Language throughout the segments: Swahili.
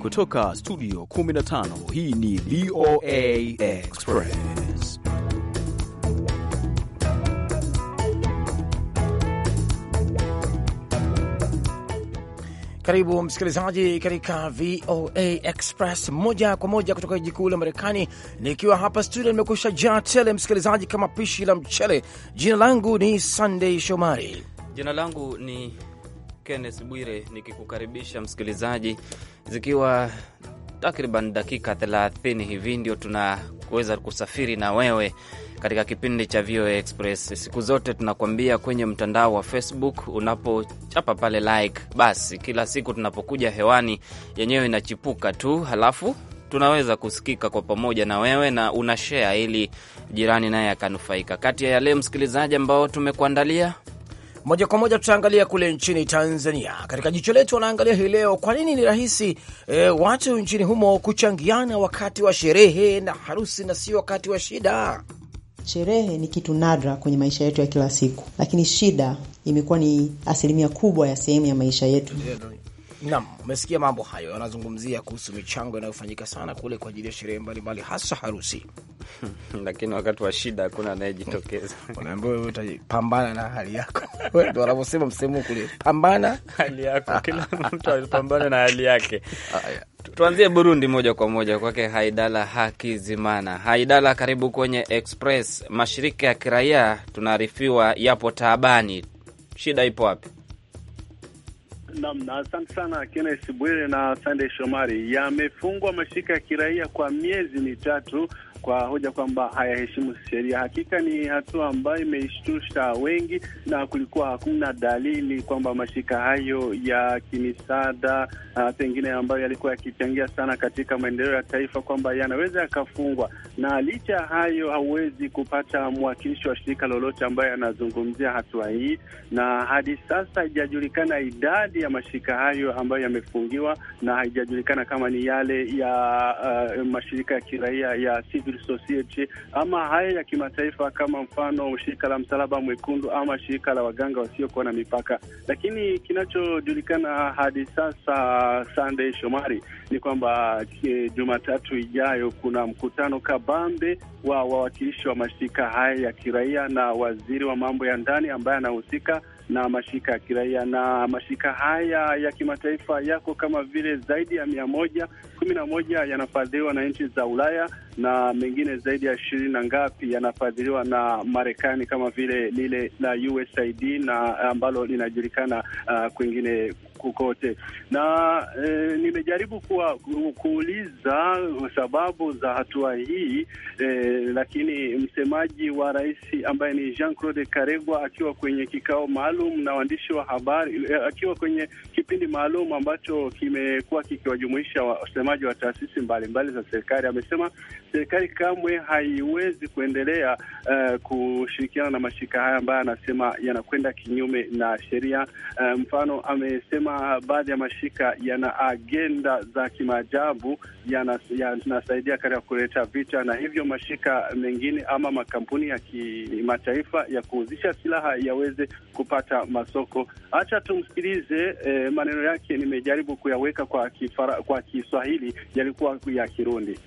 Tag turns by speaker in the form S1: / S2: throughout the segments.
S1: Kutoka studio 15 hii ni VOA Express. Karibu msikilizaji katika VOA Express moja kwa moja kutoka jiji kuu la Marekani, nikiwa hapa studio nimekusha jaa tele msikilizaji, kama pishi la mchele. Jina langu ni Sunday Shomari.
S2: Jina langu ni Kennes Bwire nikikukaribisha msikilizaji, zikiwa takriban dakika 30 hivi ndio tunaweza kusafiri na wewe katika kipindi cha VOA Express. Siku zote tunakuambia kwenye mtandao wa Facebook, unapochapa pale like, basi kila siku tunapokuja hewani yenyewe inachipuka tu, halafu tunaweza kusikika kwa pamoja na wewe na una share ili jirani naye akanufaika. Kati ya yale msikilizaji ambao tumekuandalia
S1: moja kwa moja tutaangalia kule nchini Tanzania. Katika jicho letu wanaangalia hii leo, kwa nini ni rahisi e, watu nchini humo kuchangiana wakati wa sherehe na harusi na sio wakati wa shida?
S3: Sherehe ni kitu nadra kwenye maisha yetu ya kila siku, lakini shida imekuwa ni asilimia kubwa ya sehemu ya maisha yetu.
S1: Naam, umesikia mambo hayo, wanazungumzia kuhusu michango inayofanyika sana kule kwa ajili ya sherehe mbalimbali, hasa harusi
S2: lakini wakati wa shida hakuna anayejitokeza. Unaambiwa wewe utapambana na
S1: hali yako, ndio wanavyosema msemo kule, pambana
S2: hali yako, kila mtu alipambana na hali yake. Tuanzie Burundi moja kwa moja kwake Haidala Hakizimana. Haidala, karibu kwenye Express. Mashirika ya kiraia tunaarifiwa yapo taabani, shida ipo wapi?
S4: Namna, asante sana kennes Bwire na Sandey Shomari. Yamefungwa mashirika ya kiraia kwa miezi mitatu kwa hoja kwamba hayaheshimu sheria. Hakika ni hatua ambayo imeishtusha wengi, na kulikuwa hakuna dalili kwamba mashirika hayo ya kimisaada uh, pengine ambayo yalikuwa yakichangia sana katika maendeleo ya taifa kwamba yanaweza yakafungwa, na licha ya hayo hauwezi kupata mwakilishi wa shirika lolote ambayo yanazungumzia hatua hii, na hadi sasa haijajulikana idadi ya mashirika hayo ambayo yamefungiwa, na haijajulikana kama ni yale ya uh, mashirika ya kiraia ya civil civil society ama haya ya kimataifa, kama mfano shirika la Msalaba Mwekundu ama shirika la waganga wasiokuwa na mipaka. Lakini kinachojulikana hadi sasa, Sunday Shomari, ni kwamba e, Jumatatu ijayo kuna mkutano kabambe wa wawakilishi wa mashirika haya ya kiraia na waziri wa mambo ya ndani ambaye anahusika na mashirika ya kiraia na mashirika haya ya kimataifa yako kama vile zaidi ya mia moja kumi na moja yanafadhiliwa na nchi za Ulaya na mengine zaidi ya ishirini na ngapi yanafadhiliwa na Marekani kama vile lile la USAID na ambalo linajulikana uh, kwingine kokote na e, nimejaribu kuwa, kuuliza sababu za hatua hii e, lakini msemaji wa rais ambaye ni Jean Claude Karegwa akiwa kwenye kikao maalum na waandishi wa habari e, akiwa kwenye kipindi maalum ambacho kimekuwa kikiwajumuisha wasemaji wa taasisi mbalimbali za serikali amesema serikali kamwe haiwezi kuendelea uh, kushirikiana na mashirika haya ambayo anasema yanakwenda kinyume na sheria. Uh, mfano amesema baadhi ya mashirika yana agenda za kimaajabu, yanasaidia katika kuleta vita, na hivyo mashirika mengine ama makampuni ya kimataifa ya kuuzisha silaha yaweze kupata masoko. Hacha tumsikilize eh, maneno yake nimejaribu kuyaweka kwa kifara, kwa Kiswahili yalikuwa ya Kirundi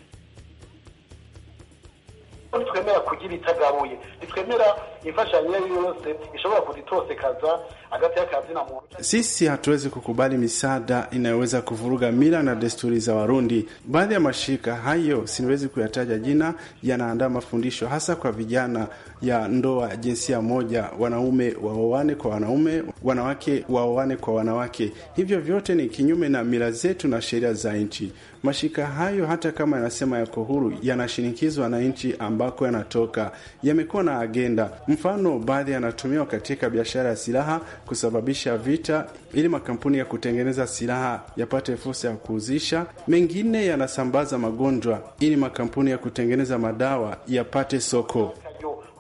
S5: ko twemera kugira itagabuye nitwemera imfashanyo iyo yose ishobora
S4: kuditosekaza hagati y'akazi na muntu. Sisi hatuwezi kukubali misaada inayoweza kuvuruga mila na desturi za Warundi. Baadhi ya mashirika hayo, siwezi kuyataja jina, yanaandaa mafundisho hasa kwa vijana ya ndoa jinsia moja, wanaume waoane kwa wanaume, wanawake waoane kwa wanawake. Hivyo vyote ni kinyume na mila zetu na sheria za nchi. Mashirika hayo hata kama yanasema yako huru, yanashinikizwa na nchi ambako yanatoka. Yamekuwa na agenda. Mfano, baadhi yanatumiwa katika biashara ya silaha kusababisha vita, ili makampuni ya kutengeneza silaha yapate fursa ya kuuzisha. Mengine yanasambaza magonjwa ili makampuni ya kutengeneza madawa yapate soko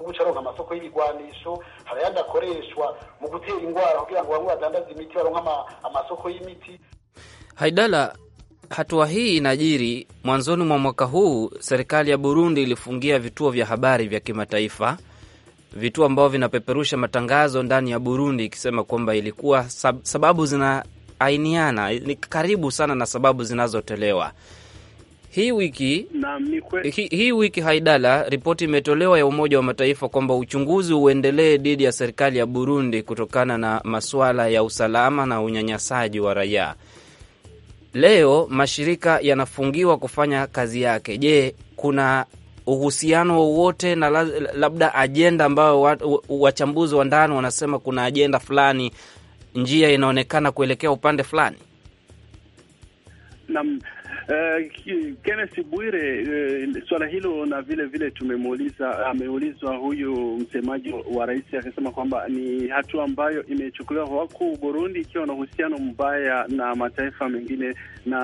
S5: kubuca aronka amasoko y'ibigwanisho hari ayandi akoreshwa mu gutera ingwara kugira ngo bamwe badandaze imiti baronka amasoko y'imiti
S2: haidala Hatua hii inajiri mwanzoni mwa mwaka huu. Serikali ya Burundi ilifungia vituo vya habari vya kimataifa, vituo ambavyo vinapeperusha matangazo ndani ya Burundi, ikisema kwamba ilikuwa sababu zinaainiana, ni karibu sana na sababu zinazotolewa hii wiki hii, hii wiki haidala, ripoti imetolewa ya Umoja wa Mataifa kwamba uchunguzi uendelee dhidi ya serikali ya Burundi kutokana na masuala ya usalama na unyanyasaji wa raia. Leo mashirika yanafungiwa kufanya kazi yake. Je, kuna uhusiano wowote na labda ajenda ambayo wachambuzi wa ndani wanasema kuna ajenda fulani, njia inaonekana kuelekea upande fulani?
S4: Naam. Eh, Kenneth Bwire, uh, eh, suala hilo na vile vile tumemuuliza, ameulizwa huyu msemaji wa rais akisema kwamba ni hatua ambayo imechukuliwa huku Burundi ikiwa na uhusiano mbaya na mataifa mengine na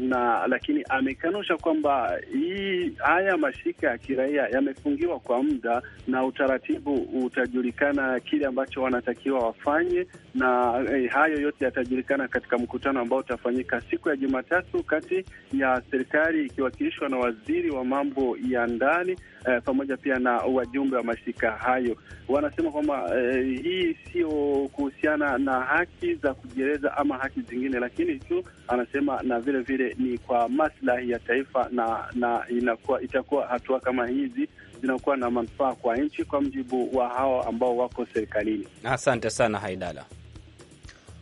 S4: na, lakini amekanusha kwamba hii haya mashirika ya kiraia yamefungiwa kwa muda na utaratibu utajulikana kile ambacho wanatakiwa wafanye, na eh, hayo yote yatajulikana katika mkutano ambao utafanyika siku ya Jumatatu kati ya serikali ikiwakilishwa na waziri wa mambo ya ndani eh, pamoja pia na wajumbe wa mashirika hayo. Wanasema kwamba eh, hii sio kuhusiana na haki za kujieleza ama haki zingine, lakini tu anasema na vile vile ni kwa maslahi ya taifa, na na inakuwa itakuwa hatua kama hizi zinakuwa na manufaa kwa nchi, kwa mjibu wa hao ambao wako serikalini.
S2: Asante sana Haidala.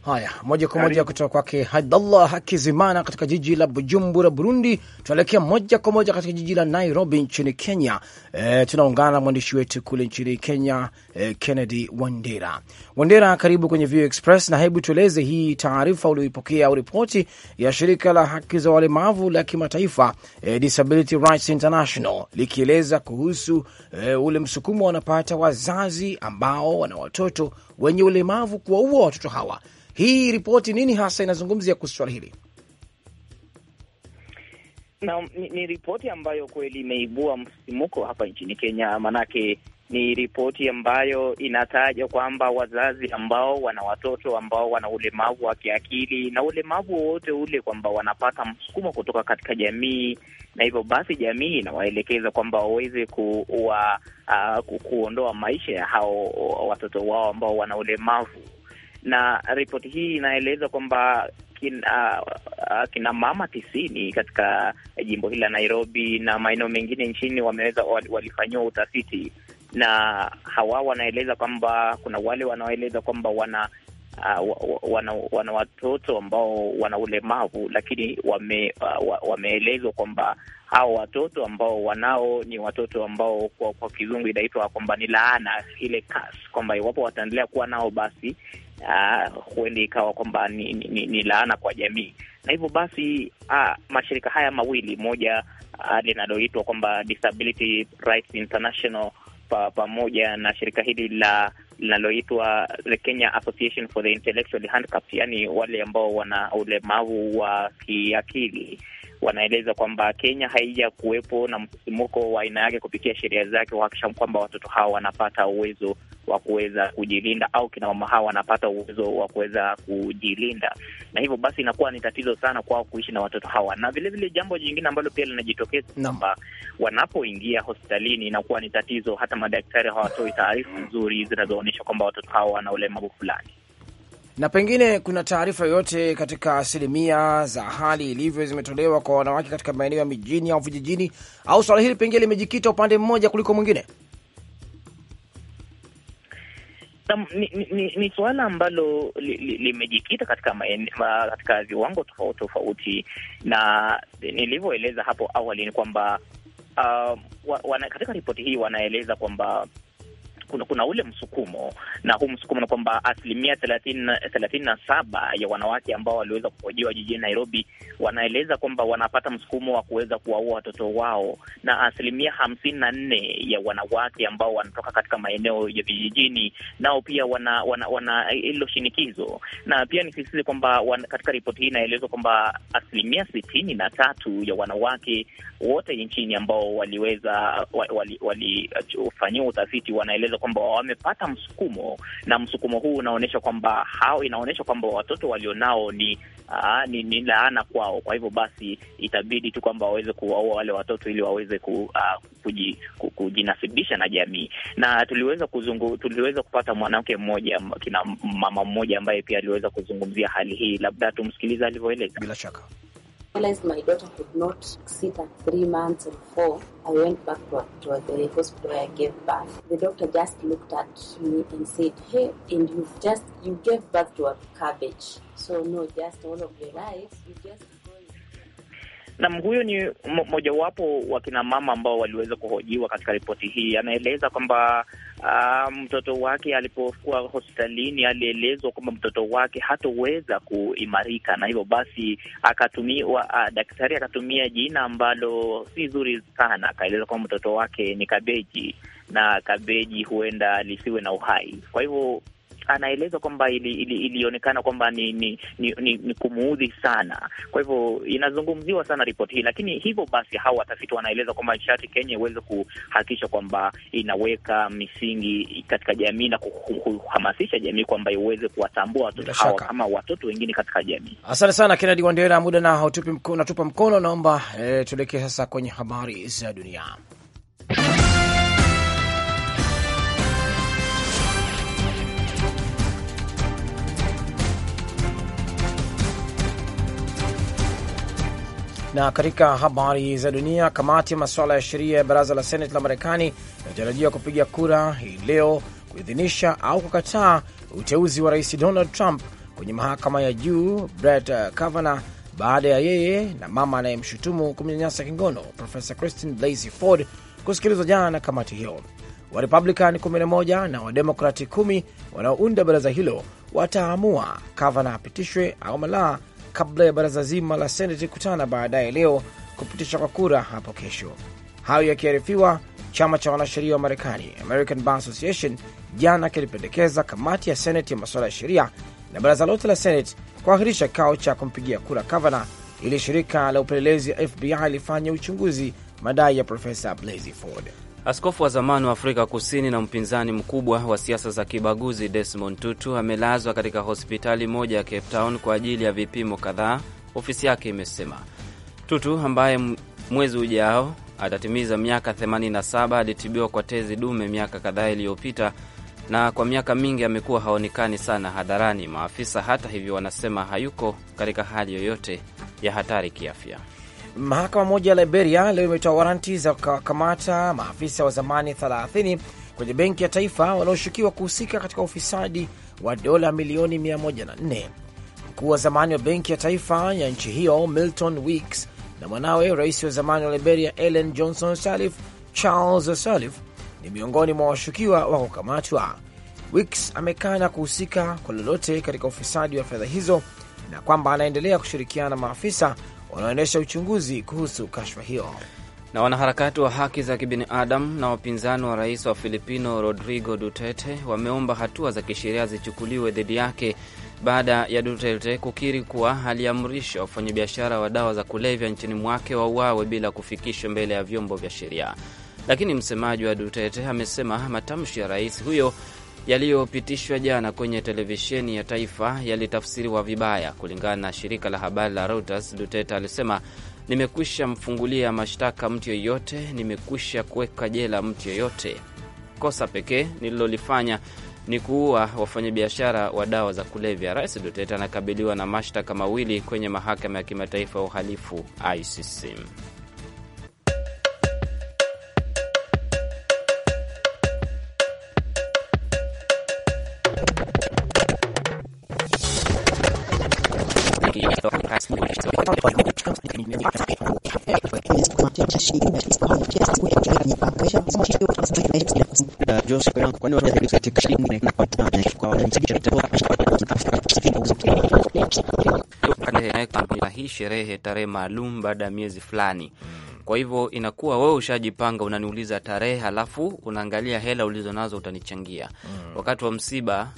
S1: Haya, moja kwa moja kutoka kwake Hadallah Hakizimana katika jiji la Bujumbura, Burundi. Tunaelekea moja kwa moja katika jiji la Nairobi nchini Kenya. E, tunaungana na mwandishi wetu kule nchini Kenya, e, Kennedy Wandera. Wandera, karibu kwenye VOA Express, na hebu tueleze hii taarifa ulioipokea au ripoti ya shirika la haki za walemavu la kimataifa, e, Disability Rights International likieleza kuhusu e, ule msukumo wanapata wazazi ambao wana watoto wenye ulemavu kuwaua watoto hawa. Hii ripoti nini hasa inazungumzia kuhusu swala hili?
S6: Na, ni, ni ripoti ambayo kweli imeibua msisimuko hapa nchini Kenya, maanake ni ripoti ambayo inataja kwamba wazazi ambao wana watoto ambao wana ulemavu wa kiakili na ulemavu wowote ule, kwamba wanapata msukumo kutoka katika jamii, na hivyo basi jamii inawaelekeza kwamba waweze kuwa, uh, kuondoa maisha ya hao watoto wao ambao wana ulemavu. Na ripoti hii inaeleza kwamba kina, uh, kina mama tisini katika jimbo hili la Nairobi na maeneo mengine nchini wameweza walifanyiwa utafiti na hawa wanaeleza kwamba kuna wale wanaoeleza kwamba wana Uh, wana, wana watoto ambao wana ulemavu lakini wame, uh, wameelezwa kwamba hao watoto ambao wanao ni watoto ambao kwa, kwa kizungu inaitwa kwamba ni laana ile curse, kwamba iwapo wataendelea kuwa nao basi huenda uh, ikawa kwamba ni, ni, ni laana kwa jamii, na hivyo basi uh, mashirika haya mawili moja uh, linaloitwa kwamba Disability Rights International pamoja pa na shirika hili la linaloitwa the Kenya Association for the Intellectually Handicapped, yani wale ambao wana ulemavu wa kiakili wanaeleza kwamba Kenya haija kuwepo na msisimuko wa aina yake kupitia sheria zake kuhakikisha kwamba watoto hawa wanapata uwezo wa kuweza kujilinda au kina mama hawa wanapata uwezo wa kuweza kujilinda, na hivyo basi inakuwa ni tatizo sana kwao kuishi na watoto hawa. Na vilevile vile jambo jingine ambalo pia linajitokeza kwamba wanapoingia hospitalini inakuwa ni tatizo, hata madaktari hawatoi taarifa nzuri zinazoonyesha kwamba watoto hawa wana ulemavu fulani.
S1: Na pengine kuna taarifa yoyote katika asilimia za hali ilivyo zimetolewa kwa wanawake katika maeneo ya mijini au vijijini, au swala hili pengine limejikita upande mmoja kuliko mwingine?
S6: Ni, ni, ni suala ambalo limejikita li, li katika, katika viwango tofauti tofauti, na nilivyoeleza hapo awali ni kwamba uh, wa, wana, katika ripoti hii wanaeleza kwamba kuna, kuna ule msukumo na huu msukumo ni kwamba asilimia thelathini na saba ya wanawake ambao waliweza kuhojiwa jijini Nairobi wanaeleza kwamba wanapata msukumo wa kuweza kuwaua watoto wao, na asilimia hamsini na nne ya wanawake ambao wanatoka katika maeneo ya vijijini nao pia wana wana, wana hilo shinikizo. Na pia nisisitize kwamba katika ripoti hii inaelezwa kwamba asilimia sitini na tatu ya wanawake wote nchini ambao waliweza walifanyiwa wali, wali, utafiti wanaeleza kwamba wamepata msukumo, na msukumo huu unaonyesha kwamba hao, inaonyesha kwamba watoto walionao ni Aa, ni, ni laana kwao. Kwa hivyo basi itabidi tu kwamba waweze kuwaua wale watoto ili waweze ku, uh, kuji, ku, kujinasibisha na jamii. Na tuliweza kuzungu, tuliweza kupata mwanamke mmoja, kina mama mmoja ambaye pia aliweza kuzungumzia hali hii, labda tumsikilize alivyoeleza. Bila shaka
S2: realized my daughter could not sit at three months and four, I went back to, to the hospital where I gave birth. The doctor just looked at me and said, Hey, and you've just, you gave birth to a cabbage. So, no, just all of your life, you just.
S6: Nam, huyo ni mojawapo wa kina mama ambao waliweza kuhojiwa katika ripoti hii. Anaeleza kwamba uh, mtoto wake alipokuwa hospitalini alielezwa kwamba mtoto wake hatoweza kuimarika, na hivyo basi akatumiwa, uh, ah, daktari akatumia jina ambalo si zuri sana, akaeleza kwamba mtoto wake ni kabeji na kabeji huenda lisiwe na uhai. Kwa hivyo anaeleza kwamba ilionekana ili, ili kwamba ni ni, ni, ni, ni kumuudhi sana. Kwa hivyo inazungumziwa sana ripoti hii, lakini hivyo basi hawa watafiti wanaeleza kwamba sharti Kenya iweze kuhakikisha kwamba inaweka misingi katika jamii na kuhamasisha jamii kwamba iweze kuwatambua watoto hawa kama watoto wengine katika jamii.
S1: Asante sana Kennedy Wandera, muda na hautupi mkono, natupa mkono. Naomba eh, tuelekee sasa kwenye habari za dunia. Na katika habari za dunia, kamati ya masuala ya sheria ya baraza la seneti la Marekani inatarajiwa kupiga kura hii leo kuidhinisha au kukataa uteuzi wa rais Donald Trump kwenye mahakama ya juu Brett Kavanaugh baada ya yeye na mama anayemshutumu kumnyanyasa kingono Profesa Christine Blasey Ford kusikilizwa jana na kamati hiyo. Warepublican 11 na Wademokrati 10 wanaounda baraza hilo wataamua Kavanaugh apitishwe au malaa kabla ya baraza zima la Seneti kukutana baadaye leo kupitisha kwa kura hapo kesho. Hayo yakiarifiwa, chama cha wanasheria wa Marekani, American Bar Association, jana kilipendekeza kamati ya Seneti ya masuala ya sheria na baraza lote la Seneti kuahirisha kikao cha kumpigia kura Kavana ili shirika la upelelezi FBI lifanye uchunguzi madai ya Profesa Blasey Ford.
S2: Askofu wa zamani wa Afrika Kusini na mpinzani mkubwa wa siasa za kibaguzi Desmond Tutu amelazwa katika hospitali moja ya Cape Town kwa ajili ya vipimo kadhaa, ofisi yake imesema. Tutu ambaye mwezi ujao atatimiza miaka 87 alitibiwa kwa tezi dume miaka kadhaa iliyopita na kwa miaka mingi amekuwa haonekani sana hadharani. Maafisa hata hivyo wanasema hayuko katika hali yoyote ya hatari kiafya.
S1: Mahakama moja ya Liberia leo imetoa waranti za kukamata maafisa wa zamani 30 kwenye benki ya taifa wanaoshukiwa kuhusika katika ufisadi wa dola milioni 104. Mkuu wa zamani wa benki ya taifa ya nchi hiyo Milton Weeks na mwanawe rais wa zamani wa Liberia Ellen Johnson Sirleaf, Charles Sirleaf, ni miongoni mwa washukiwa wa kukamatwa. Weeks amekana kuhusika kwa lolote katika ufisadi wa fedha hizo na kwamba anaendelea kushirikiana na maafisa wanaoendesha uchunguzi kuhusu kashfa hiyo.
S2: Na wanaharakati wa haki za kibinadamu na wapinzani wa rais wa Filipino Rodrigo Duterte wameomba hatua za kisheria zichukuliwe dhidi yake baada ya Duterte kukiri kuwa aliamrisha wafanyabiashara wa dawa za kulevya nchini mwake wauawe bila kufikishwa mbele ya vyombo vya sheria. Lakini msemaji wa Duterte amesema matamshi ya rais huyo yaliyopitishwa jana kwenye televisheni ya taifa yalitafsiriwa vibaya. Kulingana na shirika la habari la Reuters, Duterte alisema nimekwisha mfungulia mashtaka mtu yoyote, nimekwisha kuweka jela mtu yoyote. Kosa pekee nililolifanya ni kuua wafanyabiashara wa dawa za kulevya. Rais Duterte anakabiliwa na mashtaka mawili kwenye mahakama ya kimataifa ya uhalifu ICC. Eh, hii sherehe tarehe maalum baada ya miezi fulani. Kwa hivyo inakuwa wewe ushajipanga, unaniuliza tarehe, halafu unaangalia hela ulizonazo utanichangia. Mm. Wakati wa msiba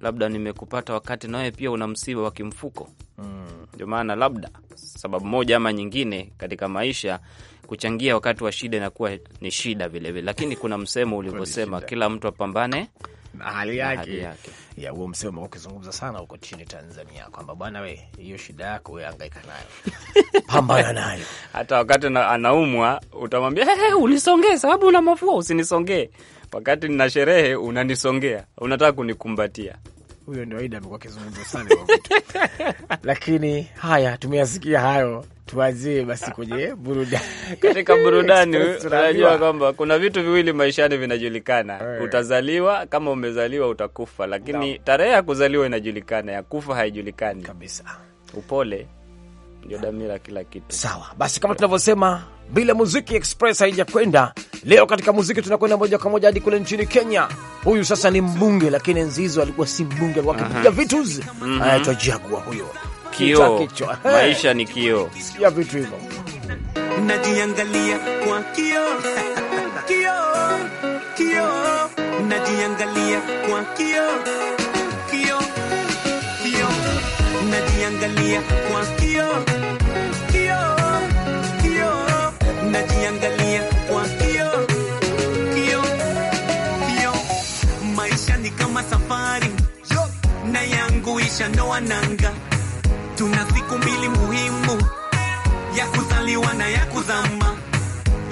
S2: labda nimekupata, wakati nawe pia una msiba wa kimfuko, mm. ndio maana mm. labda sababu moja ama nyingine katika maisha kuchangia wakati wa shida inakuwa ni shida vilevile, lakini kuna msemo ulivyosema, kila mtu apambane na hali yake.
S1: Ya huo msemo ukizungumza sana huko chini Tanzania kwamba bwana, we hiyo shida yako we angaika nayo,
S2: pambana nayo. Hata wakati anaumwa utamwambia hey, hey, unisongee sababu una mafua, usinisongee wakati nina sherehe, unanisongea, unataka kunikumbatia
S1: huyo ndio Aida amekuwa akizungumza sana lakini haya tumeyasikia hayo. tuwazie basi kwenye burudani.
S2: Katika burudani, unajua kwamba kuna vitu viwili maishani vinajulikana, hey. Eh. Utazaliwa kama umezaliwa, utakufa, lakini tarehe ya kuzaliwa inajulikana, ya kufa haijulikani kabisa. Upole ndio damira
S1: kila kitu. Sawa basi, kama tunavyosema, bila muziki express haijakwenda leo. Katika muziki tunakwenda moja kwa moja hadi kule nchini Kenya huyu sasa ni mbunge, lakini Nzizo alikuwa si mbunge, alikuwa akipiga vitu mhm. anaitwa Jagwa huyo. Kio maisha ni kio,
S3: sikia vitu hivyo najiangalia kwa kio kio kio najiangalia kwa kio kio kio najiangalia kwa kio kio kio najiangalia chanoa nanga. Tuna siku mbili muhimu ya kuzaliwa na ya kuzama.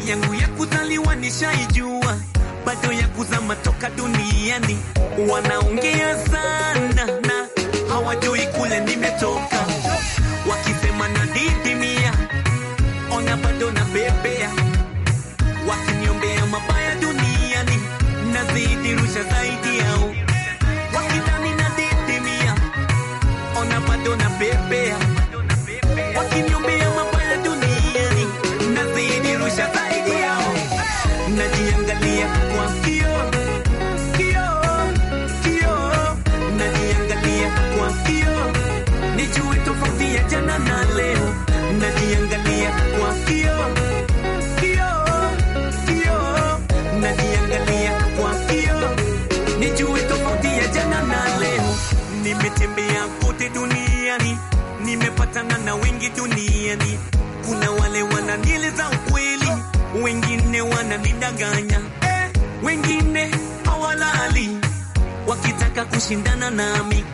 S3: Yangu ya kuzaliwa nishaijua, bado ya kuzama toka duniani. Wanaongea sana na hawajui kule nimetoka, wakisema na nadidimia, ona bado nabebea, wakiniombea mabaya nimepatana na wengi duniani. Kuna wale wananieleza ukweli, wengine wananidanganya, eh, wengine hawalali wakitaka kushindana nami,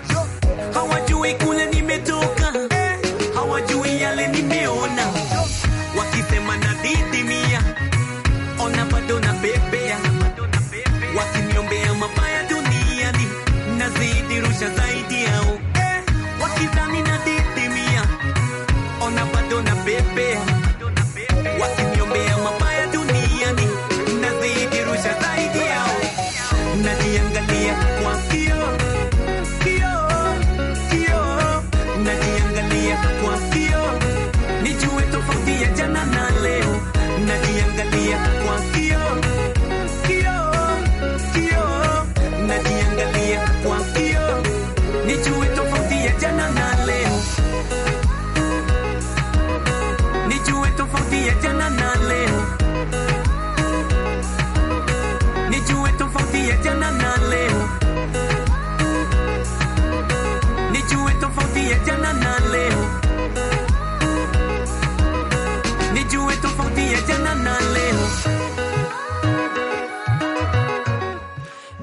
S3: hawajui kule nimetoka, eh, hawajui yale nimeona, wakisema na didimia, ona bado na bebea, wakiniombea mabaya duniani, nazidi rusha zaidi canción.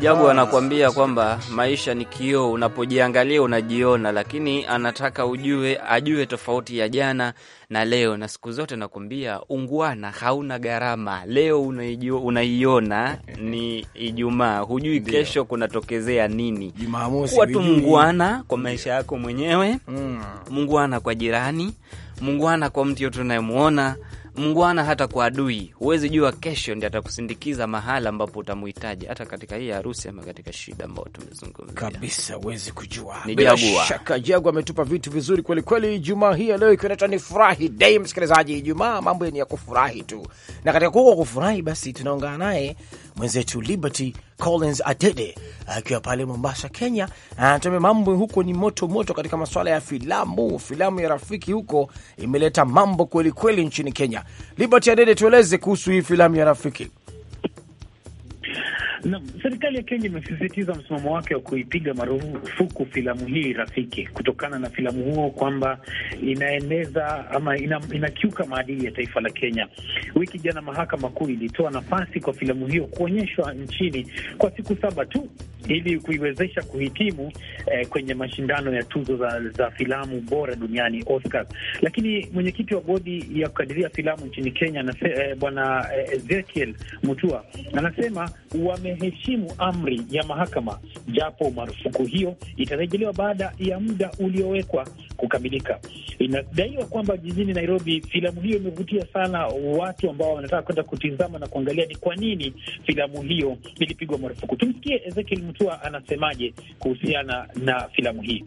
S2: Jagu anakuambia kwamba maisha ni kioo, unapojiangalia unajiona, lakini anataka ujue, ajue tofauti ya jana na leo. Na siku zote nakuambia ungwana hauna gharama. Leo unaiona ni Ijumaa, hujui kesho kunatokezea nini. Kuwa tu mungwana kwa maisha yako mwenyewe, mm. mungwana kwa jirani, mungwana kwa mtu yote unayemwona mgwana hata kwa adui. Huwezi jua kesho ndi atakusindikiza mahala ambapo utamuhitaji, hata katika hii harusi ama katika shida ambayo tumezungumzia
S1: kabisa, huwezi kujua. Ni Jagua shaka Jagua ametupa vitu vizuri kwelikweli Jumaa hii ya leo, ikionetwa ni furahi dei. Msikilizaji, jumaa mambo ni ya kufurahi tu, na katika kuko kufurahi, basi tunaungana naye mwenzetu Liberty Collins Adede akiwa pale Mombasa, Kenya, anatuambia ah, mambo huko ni moto moto katika masuala ya filamu. Filamu ya Rafiki huko imeleta mambo kweli kweli nchini Kenya. Liberty Adede, tueleze kuhusu hii filamu ya Rafiki.
S5: Na serikali ya Kenya imesisitiza msimamo wake wa kuipiga marufuku filamu hii Rafiki kutokana na filamu huo kwamba inaeneza ama ina, inakiuka maadili ya taifa la Kenya. Wiki jana mahakama kuu ilitoa nafasi kwa filamu hiyo kuonyeshwa nchini kwa siku saba tu ili kuiwezesha kuhitimu eh, kwenye mashindano ya tuzo za, za filamu bora duniani Oscar. Lakini mwenyekiti wa bodi ya kukadiria filamu nchini Kenya eh, bwana eh, Ezekiel Mutua anasema wame wameheshimu amri ya mahakama, japo marufuku hiyo itarejelewa baada ya muda uliowekwa kukamilika. Inadaiwa kwamba jijini Nairobi filamu hiyo imevutia sana watu ambao wanataka kwenda kutizama na kuangalia ni kwa nini filamu hiyo ilipigwa marufuku. Tumsikie Ezekiel Mutua anasemaje kuhusiana na
S1: filamu hii.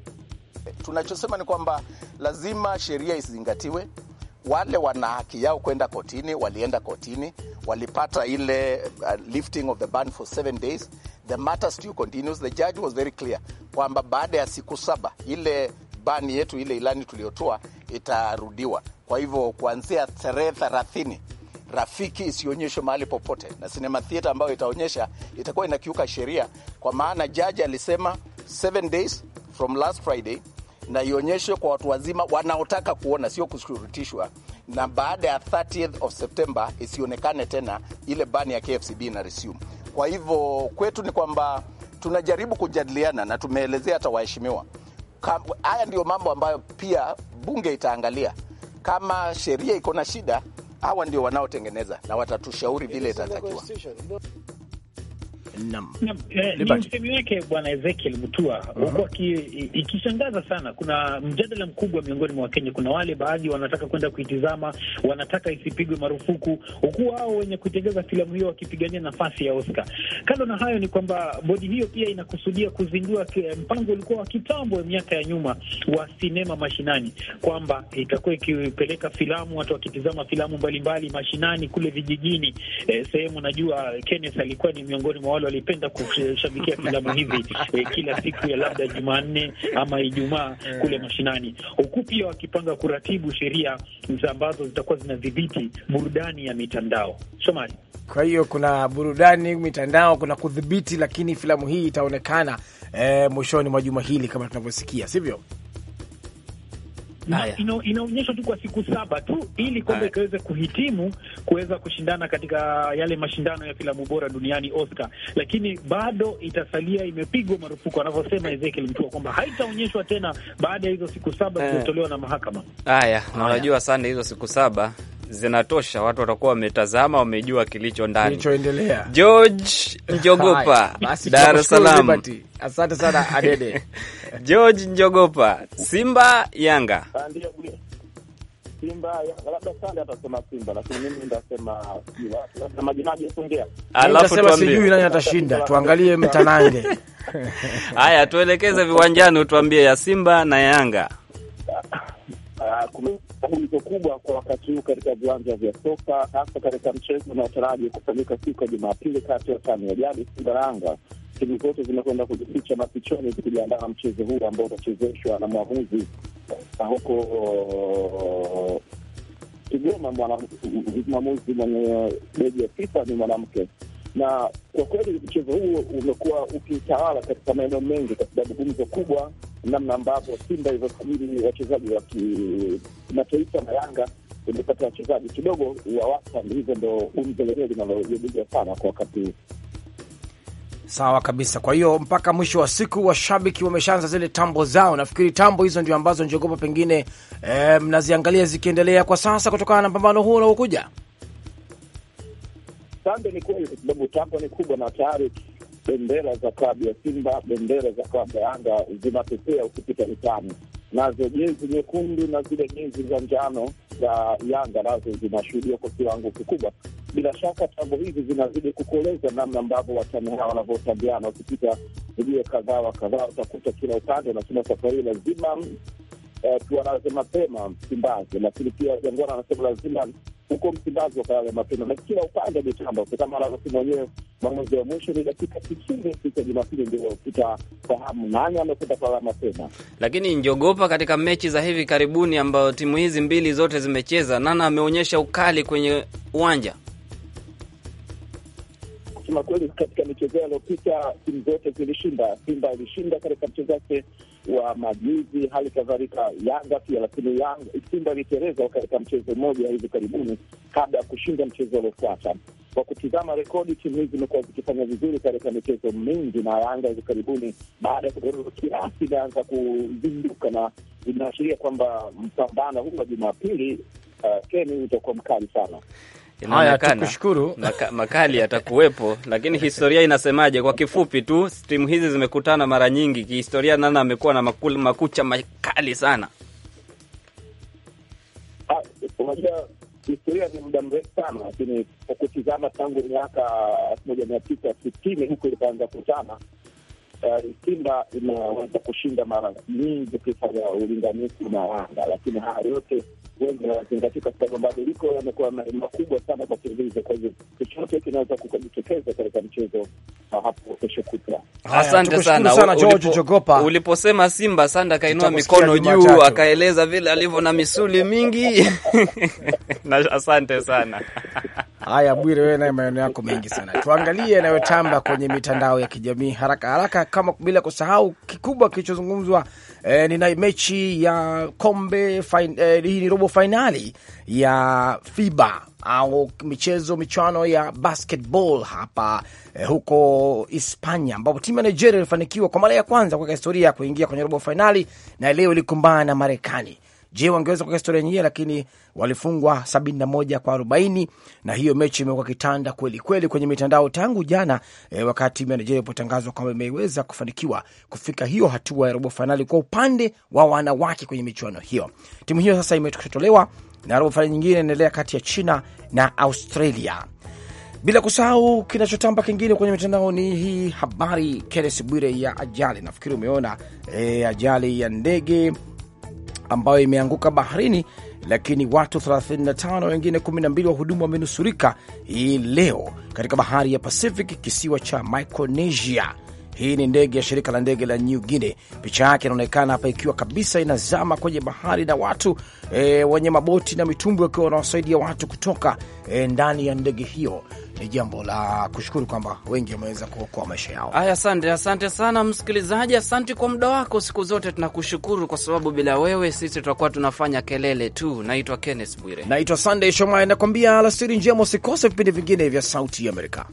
S1: Tunachosema ni kwamba lazima sheria izingatiwe wale wana haki yao kwenda kotini, walienda kotini, walipata ile uh, lifting of the ban for seven days. The matter still continues. The judge was very clear kwamba baada ya siku saba ile bani yetu ile ilani tuliotoa itarudiwa. Kwa hivyo kuanzia tarehe thelathini Rafiki isionyeshwe mahali popote, na sinema theatre ambayo itaonyesha itakuwa inakiuka sheria, kwa maana jaji alisema seven days from last Friday na ionyeshwe kwa watu wazima wanaotaka kuona, sio kushurutishwa, na baada ya 30th of September isionekane tena ile bani ya KFCB na resume. Kwa hivyo kwetu ni kwamba tunajaribu kujadiliana na tumeelezea hata waheshimiwa, haya ndiyo mambo ambayo pia bunge itaangalia. Kama sheria iko na shida, hawa ndio wanaotengeneza na watatushauri vile itatakiwa.
S5: Eh, ni msemi wake Bwana Ezekiel Mutua huku ikishangaza sana. Kuna mjadala mkubwa miongoni mwa Wakenya. Kuna wale baadhi wanataka kwenda kuitizama, wanataka isipigwe marufuku, huku wao wenye kuitengeza filamu hiyo wakipigania nafasi ya Oscar. Kando na hayo, ni kwamba bodi hiyo pia inakusudia kuzindua mpango ulikuwa wa kitambo miaka ya nyuma wa sinema mashinani, kwamba itakuwa ikipeleka filamu, watu wakitizama filamu mbalimbali mbali, mashinani kule vijijini. Eh, sehemu najua Kenneth alikuwa ni miongoni mwa wale walipenda kushabikia filamu hivi eh, kila siku ya labda Jumanne ama Ijumaa kule mashinani, huku pia wakipanga kuratibu sheria
S1: ambazo zitakuwa zinadhibiti burudani ya mitandao somali Kwa hiyo kuna burudani mitandao, kuna kudhibiti, lakini filamu hii itaonekana eh, mwishoni mwa juma hili kama tunavyosikia, sivyo?
S5: ina, inaonyeshwa tu kwa siku saba tu ili kwamba ikaweze kuhitimu kuweza kushindana katika yale mashindano ya filamu bora duniani Oscar, lakini bado itasalia imepigwa marufuku anavyosema Ezekiel Mtua kwamba haitaonyeshwa tena baada ya hizo siku saba zilizotolewa eh. na mahakama.
S2: Haya, na unajua sana hizo siku saba zinatosha, watu watakuwa wametazama, wamejua kilicho ndani kilichoendelea. George Njogopa, Dar es Salaam.
S1: Asante sana Adede.
S2: George Njogopa, Simba Yanga sijui nani atashinda, tuangalie mtanange. Haya, tuelekeze viwanjani, utuambie ya Simba na Yanga.
S7: Ah, ah, gumzo kubwa kwa wakati huu katika viwanja vya soka, hasa katika mchezo unaotaraji kufanyika siku ya Jumapili kati ya tano ya jadi Simba na Yanga. Timu zote zimekwenda kujificha mafichoni zikijiandaa na mchezo huu ambao utachezeshwa na mwamuzi na huko Kigoma, mwamuzi mwenye beji ya FIFA ni mwanamke na kwa kweli mchezo huu umekuwa ukiutawala katika maeneo mengi, kwa sababu gumzo kubwa namna ambavyo Simba ilivyosajili wachezaji wa kimataifa na Yanga imepata wachezaji kidogo wa wastani. Hivyo ndo gumzo lenyewe sana kwa wakati huu.
S1: Sawa kabisa. Kwa hiyo mpaka mwisho wa siku washabiki wameshaanza zile tambo zao. Nafikiri tambo hizo ndio ambazo njogopa pengine e, mnaziangalia zikiendelea kwa sasa kutokana na mpambano huo unaokuja.
S7: Tambo ni kweli, kwa sababu tambo ni kubwa na tayari bendera za klabu ya Simba, bendera za klabu ya Yanga zinapepea ukipita vitani, nazo jezi nyekundu na zile jezi za njano za Yanga nazo zinashuhudiwa kwa kiwango kikubwa. Bila shaka tambo hizi zinazidi kukoleza namna ambavyo watani hawa wanavyotambiana. wakipita vijue kadhaa wa kadhaa, utakuta kila upande wanasema safari lazima eh, tuwalaze mapema Msimbazi, lakini pia Jangwana anasema lazima huko Msimbazi wakalala mapema, na kila upande mitamba kama anavyosema mwenyewe. Maamuzi ya mwisho ni dakika tisini siku ya Jumapili ndio fahamu nani amekwenda kulala
S2: mapema. Lakini njogopa, katika mechi za hivi karibuni ambayo timu hizi mbili zote zimecheza, Nana ameonyesha ukali kwenye uwanja
S7: kusema kweli, katika michezo yaliyopita timu zote zilishinda. Simba ilishinda katika mchezo wake wa majuzi, hali kadhalika Yanga pia, lakini Yanga Simba ilitereza katika mchezo mmoja hivi karibuni kabla ya kushinda mchezo uliofuata. Kwa kutizama rekodi, timu hizi zimekuwa zikifanya vizuri katika michezo mingi, na Yanga hivi karibuni, baada ya kugoroa kiasi, inaanza kuzinduka na inaashiria kwamba mpambano huu wa Jumapili uh, keni utakuwa mkali sana.
S2: Haya, tukushukuru. Maka, makali yatakuwepo, lakini historia inasemaje? Kwa kifupi tu, timu hizi zimekutana mara nyingi kihistoria. Nana amekuwa na makul, makucha makali sana.
S7: Ah, unajua, historia ni muda mrefu sana, lakini kutizama tangu miaka elfu moja mia tisa sitini huko ilipoanza kutana uh, Simba inaweza kushinda mara nyingi ukifanya ulinganifu na Yanga, lakini haya yote wengi wanazingatia kwa sababu mabadiliko yamekuwa makubwa sana kwa timu Kwa hivyo chochote kinaweza kujitokeza katika mchezo hapo kesho kutwa. Asante sana sana George Jogopa,
S2: uliposema Simba Sanda akainua mikono juu akaeleza vile alivyo na misuli mingi na asante sana
S1: Haya, Bwire, wewe naye maeneo yako mengi sana, tuangalie yanayotamba kwenye mitandao ya kijamii haraka haraka, kama bila kusahau kikubwa kilichozungumzwa eh, ni mechi ya kombe fin, eh, hii ni robo fainali ya FIBA au michezo michano ya basketball hapa eh, huko Hispania, ambapo timu ya Nigeria ilifanikiwa kwa mara ya kwanza katika historia ya kuingia kwenye robo fainali, na leo ilikumbana na Marekani. Je, wangeweza kuweka historia nyingine, lakini walifungwa 71 kwa 40, na hiyo mechi imekuwa kitanda kweli kweli kwenye mitandao tangu jana e, wakati timu ya Nigeria ilipotangazwa kwamba imeweza kufanikiwa kufika hiyo hatua ya robo fainali kwa upande wa wanawake kwenye michuano hiyo. Timu hiyo sasa imetolewa na robo fainali nyingine inaendelea kati ya China na Australia. Bila kusahau kinachotamba kingine kwenye mitandao ni hii habari Kenes Bwire ya ajali. Nafikiri umeona e, ajali ya ndege ambayo imeanguka baharini, lakini watu 35 wengine 12 wahudumu wamenusurika hii leo katika bahari ya Pacific, kisiwa cha Micronesia. Hii ni ndege ya shirika la ndege la New Guinea. Picha yake inaonekana hapa ikiwa kabisa inazama kwenye bahari na watu e, wenye maboti na mitumbwi wakiwa wanawasaidia watu kutoka e, ndani ya ndege hiyo. Ni jambo la kushukuru kwamba wengi wameweza kuokoa maisha yao.
S2: Haya, asante, asante sana msikilizaji, asante kwa muda wako. Siku zote tunakushukuru kwa sababu bila wewe sisi tutakuwa tunafanya kelele tu. Naitwa Kenneth Bwire,
S1: naitwa sandey Shomai, nakwambia alasiri njema, usikose vipindi vingine vya Sauti ya Amerika.